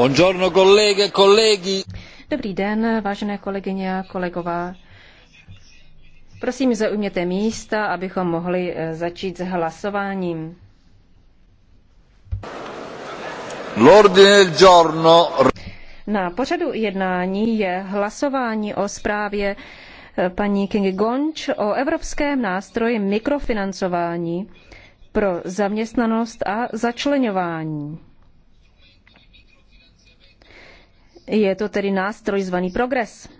Buongiorno e Dobrý den, vážené kolegyně a kolegové. Prosím, zaujměte místa, abychom mohli eh, začít s hlasováním. Na pořadu jednání je hlasování o zprávě eh, paní King Gonč o evropském nástroji mikrofinancování pro zaměstnanost a začlenování. Je to tedy nástroj zvaný progres.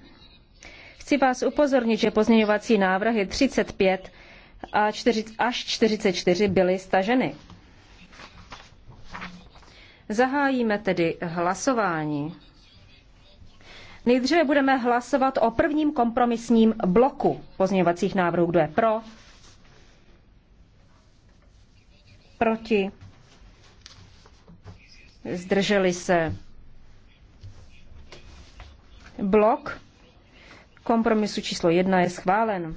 Chci vás upozornit, že pozměňovací návrhy 35 a 40, až 44 byly staženy. Zahájíme tedy hlasování. Nejdříve budeme hlasovat o prvním kompromisním bloku pozměňovacích návrhů. Kdo je pro? Proti? Zdrželi se? Blok kompromisu číslo 1 je schválen.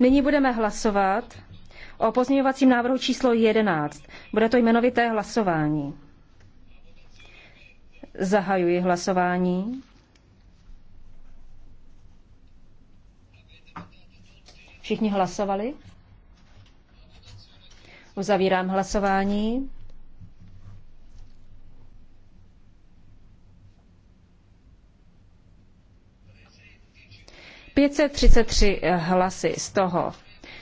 Nyní budeme hlasovat o pozměňovacím návrhu číslo 11. Bude to jmenovité hlasování. Zahajuji hlasování. Všichni hlasovali? Uzavírám hlasování. Pětset třicet tři eh, hlasy z toho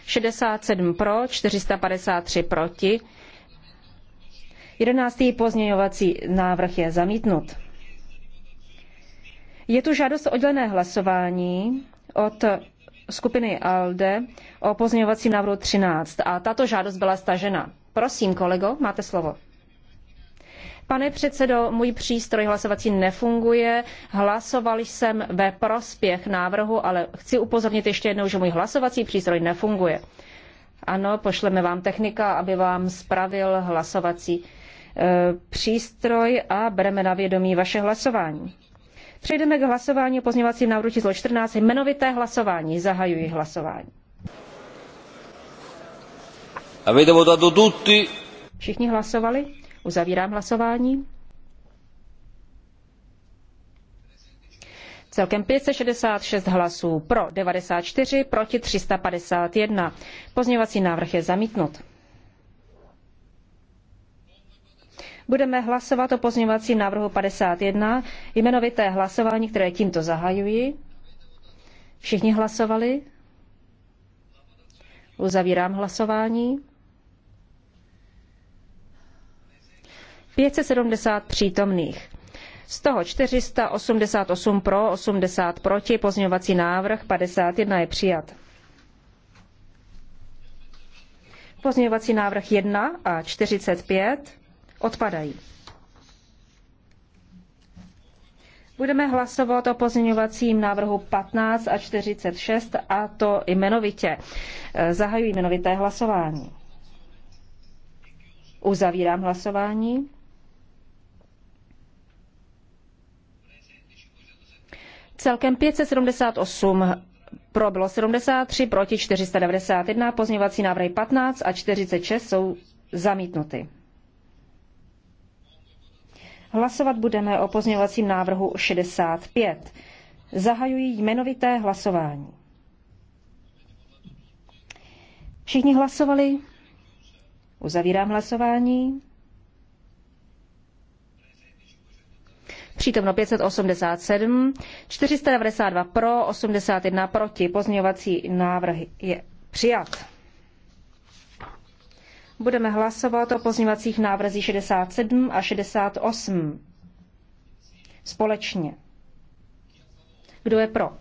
67 pro, 453 proti. Jedenáctý pozměňovací návrh je zamítnut. Je tu žádost o oddělené hlasování od skupiny ALDE o pozměňovacím návrhu 13 a tato žádost byla stažena. Prosím, kolego, máte slovo. Pane předsedo, můj přístroj hlasovací nefunguje. Hlasoval jsem ve prospěch návrhu, ale chci upozornit ještě jednou, že můj hlasovací přístroj nefunguje. Ano, pošleme vám technika, aby vám spravil hlasovací e, přístroj a bereme na vědomí vaše hlasování. Přejdeme k hlasování o pozměňovacím návrhu číslo 14. Jmenovité hlasování. Zahajuji hlasování. Avete votato tutti? Všichni hlasovali? Uzavírám hlasování. Celkem 566 hlasů pro 94, proti 351. Pozměňovací návrh je zamítnut. Budeme hlasovat o pozměňovacím návrhu 51, jmenovité hlasování, které tímto zahajuji. Všichni hlasovali? Uzavírám hlasování. 570 přítomných. Z toho 488 pro, 80 proti, pozměňovací návrh 51 je přijat. Pozměňovací návrh 1 a 45 odpadají. Budeme hlasovat o pozměňovacím návrhu 15 a 46 a to jmenovitě. Zahajuji jmenovité hlasování. Uzavírám hlasování. Celkem 578 pro bylo 73, proti 491, pozměňovací návrhy 15 a 46 jsou zamítnuty. Hlasovat budeme o pozměňovacím návrhu 65. Zahajuji jmenovité hlasování. Všichni hlasovali? Uzavírám hlasování. Přítomno 587, 492 pro, 81 proti. Pozměňovací návrh je přijat budeme hlasovat o pozměňovacích návrzích 67 a 68 společně. Kdo je pro?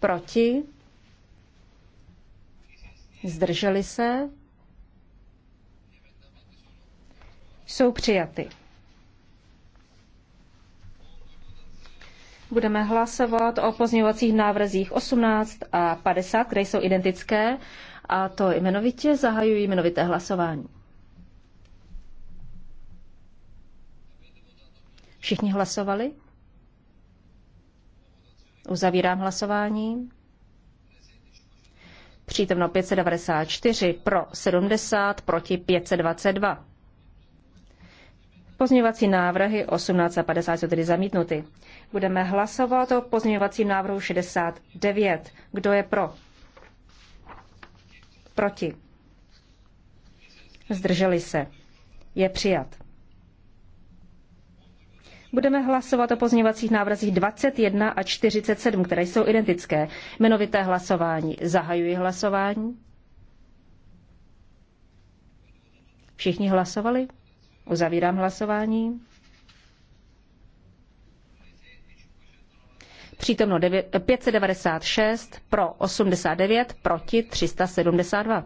Proti? Zdrželi se? Jsou přijaty. Budeme hlasovat o pozměňovacích návrzích 18 a 50, které jsou identické a to jmenovitě zahajují jmenovité hlasování. Všichni hlasovali? Uzavírám hlasování. Přítomno 594, pro 70, proti 522. Pozměňovací návrhy 18 a 50 jsou tedy zamítnuty. Budeme hlasovat o pozměňovacím návrhu 69. Kdo je pro? Proti. Zdrželi se. Je přijat. Budeme hlasovat o pozměňovacích návrzích 21 a 47, které jsou identické. Jmenovité hlasování. Zahajuji hlasování. Všichni hlasovali? Uzavírám hlasování. přítomno 596, eh, pro 89, proti 372.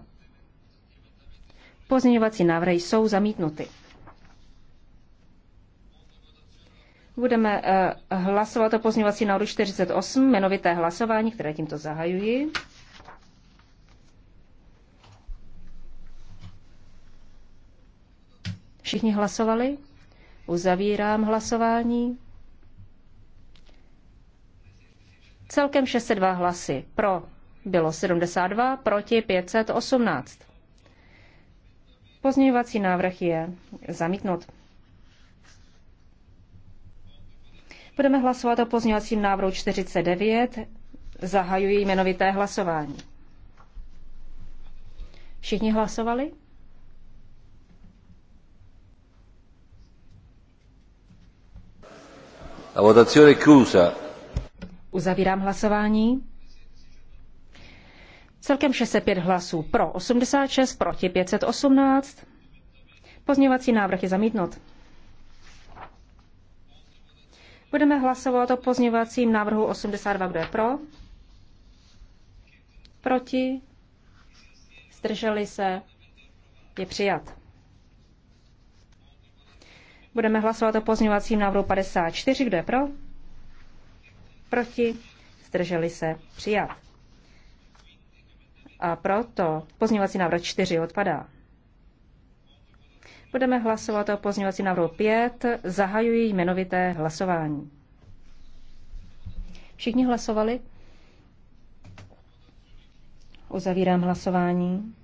Pozměňovací návrhy jsou zamítnuty. Budeme eh, hlasovat o pozměňovací návrhu 48, jmenovité hlasování, které tímto zahajuji. Všichni hlasovali? Uzavírám hlasování. Celkem 602 hlasy pro bylo 72, proti 518. Pozměňovací návrh je zamítnut. Budeme hlasovat o pozměňovacím návrhu 49. Zahajuji jmenovité hlasování. Všichni hlasovali? La votazione è chiusa. Uzavírám hlasování. Celkem 605 hlasů pro 86, proti 518. Pozměňovací návrh je zamítnut. Budeme hlasovat o pozměňovacím návrhu 82. Kdo je pro? Proti? Zdrželi se? Je přijat. Budeme hlasovat o pozměňovacím návrhu 54. Kdo je pro? proti, zdrželi se, přijat. A proto pozměňovací návrh 4 odpadá. Budeme hlasovat o pozměňovací návrhu 5. Zahajují jmenovité hlasování. Všichni hlasovali? Uzavírám hlasování.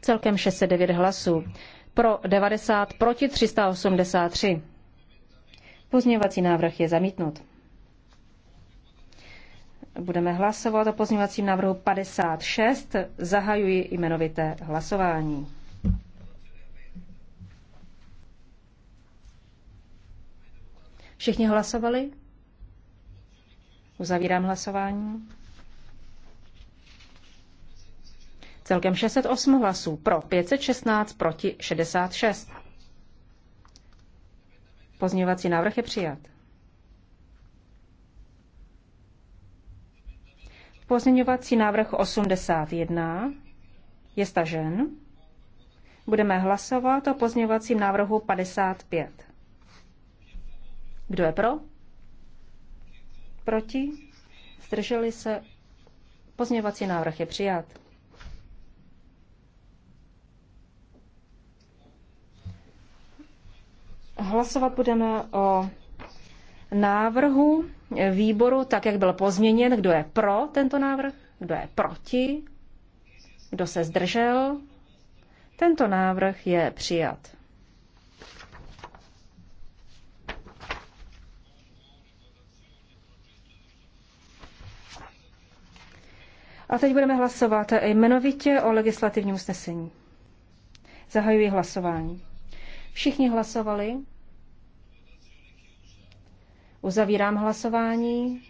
Celkem 609 hlasů. Pro 90, proti 383. Pozměňovací návrh je zamítnut. Budeme hlasovat o pozměňovacím návrhu 56. Zahajuji jmenovité hlasování. Všichni hlasovali? Uzavírám hlasování. Celkem 608 hlasů pro, 516 proti 66. Pozměňovací návrh je přijat. Pozměňovací návrh 81 je stažen. Budeme hlasovat o pozměňovacím návrhu 55. Kdo je pro? Proti? Zdrželi se? Pozměňovací návrh je přijat. Hlasovat budeme o návrhu výboru, tak jak byl pozměněn, kdo je pro tento návrh, kdo je proti, kdo se zdržel. Tento návrh je přijat. A teď budeme hlasovat jmenovitě o legislativním usnesení. Zahajuji hlasování. Všichni hlasovali. Uzavírám hlasování.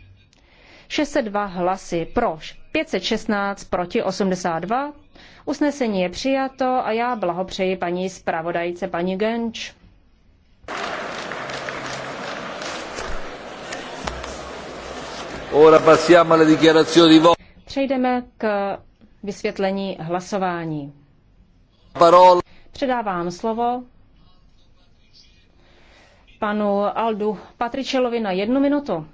602 hlasy pro, 516 proti 82. Usnesení je přijato a já blahopřeji paní zpravodajce, paní Genč. Přejdeme k vysvětlení hlasování. Předávám slovo panu Aldu Patričelovi na jednu minutu.